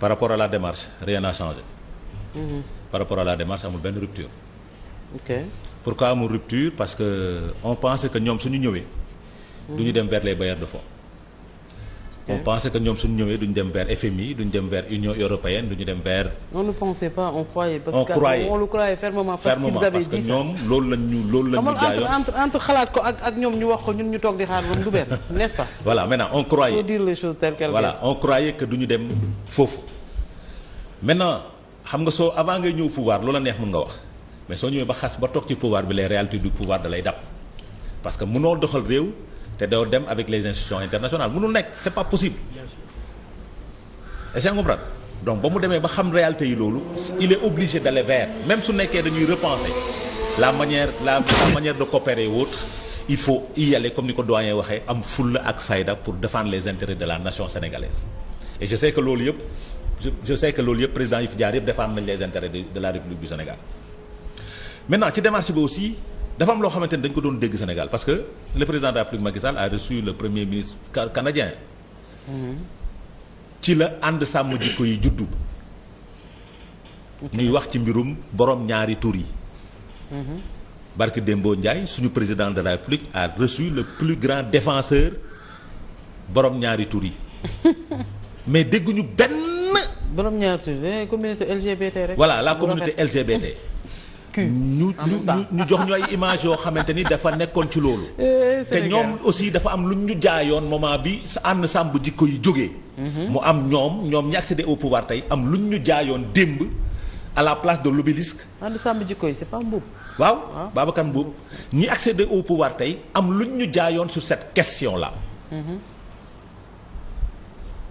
par rapport à la démarche rien n'a changé. Mhm. par rapport à la démarche amul benn rupture. pour pourquoi amul rupture parce que on pensait que ñoom suñu ñëwee. du ñu mhm. dem vers les bailleurs de fonds. on pensait que ñoom suñu ñëwee duñu dem vers. on ne pensait pas on croyait. parce on que croyait. on le croyait fermement. parce qu'ils loolu lañ loolu lañ ñu jaayoon xalaat ko ak ñoom ñu wax ko ñun ñu toog di xaar moom du benn n'est-ce pas. voilà maintenant on croyait dem foofu. maintenant xam nga soo avant ngay ñëw pouvoir la neex mën nga wax mais soo ñëwee ba xas ba toog ci pouvoir bi les réalités du pouvoir da lay dab parce que mënoo doxal réew. te doo dem avec les institutions internationales mënul nekk c'est pas possible. bien sûr est-ce donc ba mu demee ba xam réalité yi loolu il est obligé d'aller vers même su nekkee dañuy repenser la manière la la manière de coopérer autre il faut y aller comme ni ko doyen waxee am fulla ak fayda pour défendre les intérêts de la nation sénégalaise et je sais que loolu yëpp je sais que loolu yëpp président yi fi jaar yëpp défendre nañ les intérêts de la République du Sénégal maintenant dafa loo xamante ni dañ ko doon dégg Sénégal parce que le président de la République Macky Sall a reçu le premier ministre canadien. ci la ànd sàmm jikko yi juddu. ñuy wax ci mbirum borom ñaari tur yi. Barke Dembo Ndiaye suñu président de la République a reçu le plus grand défenseur borom ñaari tur yi mais dégguñu benn. borom ñaari tur LGBT rek. la communauté LGBT. ñu ñu jox ñu ay image yoo xamante ni dafa nekkoon ci loolu. Eh, te ñoom aussi dafa am lu ñu jaayoon moment bi sa ànd sàmm jikko yi jóge mhm. mu am ñoom ñoom ñi accédé au tey am lu ñu jaayoon démb à la place de l'obélisque. ànd sàmm jikko yi c'est pas Mboup. waaw ah. Babacar Mboup ñi accédé au pouvoir tey am lu ñu jaayoon sur cette question la mhm.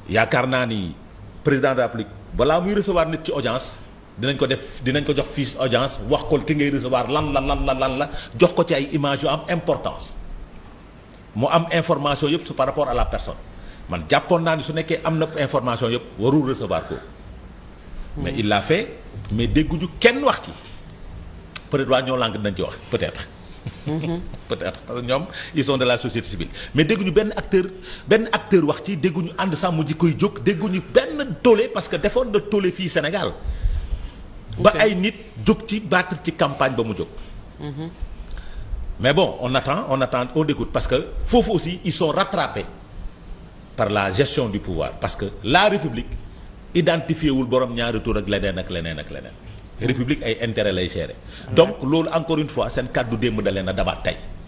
yaakaar naa ni président de la République balaa muy recevoir nit ci audience. dinañ ko def dinañ ko jox fiche audience wax ko ki ngay recevoir lan la lan la lan la jox ko ci ay image yu am importance mu am information yëpp su par rapport à la personne man jàppoon naa ni su nekkee am na information yëpp warul recevoir ko. mais il l'a fait mais dégguñu kenn wax ci peut-être waa ñoo langue dinañ ci wax peut-être. Mm-hmm. peut-être parce que ñoom ils sont de la société civile mais dégguñu benn acteur benn acteur wax ci dégguñu ànd sàmm ji koy jóg dégguñu benn tollé parce que defoon na tollé fii Sénégal. ba ay nit jóg ci battre ci campagne ba mu jóg. Mm-hmm. mais bon on attend on attend on dégoûte parce que foofu aussi ils sont rattrapés par la gestion du pouvoir parce que la république identifié wul borom ñaari tour ak leneen ak leneen ak leneen. Mm-hmm. république ay intérêt lay gérer. donc loolu encore une fois seen kàddu démb da leen a dabaat tey.